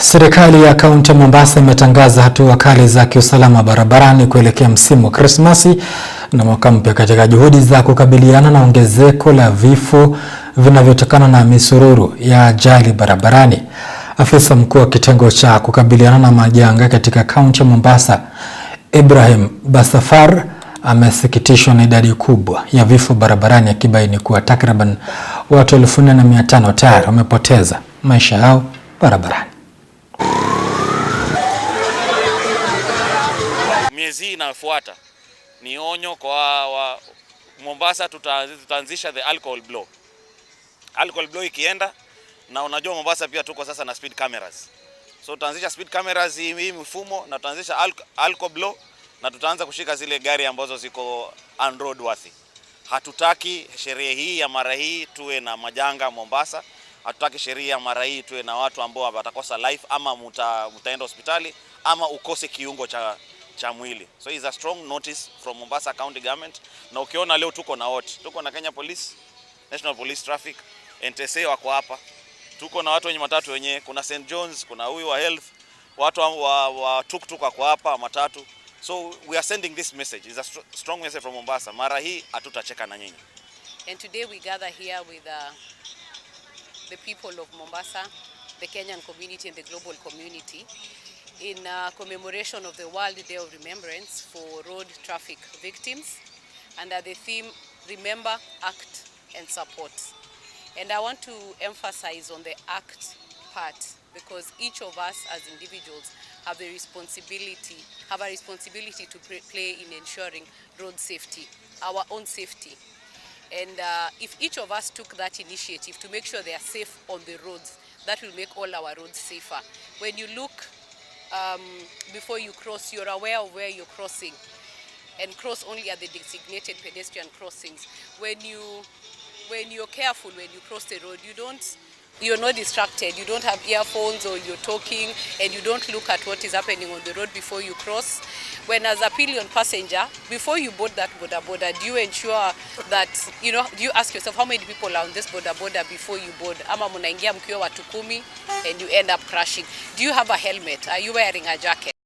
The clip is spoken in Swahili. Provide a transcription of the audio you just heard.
Serikali ya kaunti ya Mombasa imetangaza hatua kali za kiusalama barabarani kuelekea msimu wa Krismasi na mwaka mpya katika juhudi za kukabiliana na ongezeko la vifo vinavyotokana na misururu ya ajali barabarani. Afisa mkuu wa kitengo cha kukabiliana na majanga katika kaunti ya Mombasa, Ibrahim Basafar, amesikitishwa na idadi kubwa ya vifo barabarani, akibaini kuwa takriban watu 4500 tayari wamepoteza maisha yao barabarani. miezi hii inayofuata ni onyo kwa wa Mombasa, tutaanzisha the alcohol blow. Alcohol blow ikienda, na unajua Mombasa pia tuko sasa na speed cameras, so tutaanzisha speed cameras hii mifumo na tutaanzisha alcohol blow na tutaanza kushika zile gari ambazo ziko unroadworthy. Hatutaki sherehe hii ya mara hii tuwe na majanga Mombasa. Hatutaki sherehe ya mara hii tuwe na watu ambao watakosa life ama mutaenda hospitali ama ukose kiungo cha cha mwili. So it's a strong notice from Mombasa County Government. Na ukiona leo tuko na wote, tuko na Kenya Police, National Police Traffic, NTSA wako hapa, tuko na watu wenye matatu wenyewe, kuna St John's, kuna huyu wa health, watu wa, wa tuktuk wako hapa matatu. So we are sending this message. It's a strong message from Mombasa. Mara hii hatutacheka na nyinyi. And today we gather here with uh, the people of Mombasa, the Kenyan community and the global community. in uh, commemoration of the World Day of Remembrance for road traffic victims under the theme Remember, Act and Support. And I want to emphasize on the act part because each of us as individuals have a responsibility, have a responsibility to play in ensuring road safety, our own safety. And uh, if each of us took that initiative to make sure they are safe on the roads, that will make all our roads safer. When you look um, before you cross, you're aware of where you're crossing and cross only at the designated pedestrian crossings. When you when you're careful when you cross the road, you don't you're not distracted you don't have earphones or you're talking and you don't look at what is happening on the road before you cross when as a pillion passenger before you board that boda boda do you ensure that you know do you ask yourself how many people are on this boda boda before you board ama munaingia mkiwa watu kumi and you end up crashing do you have a helmet are you wearing a jacket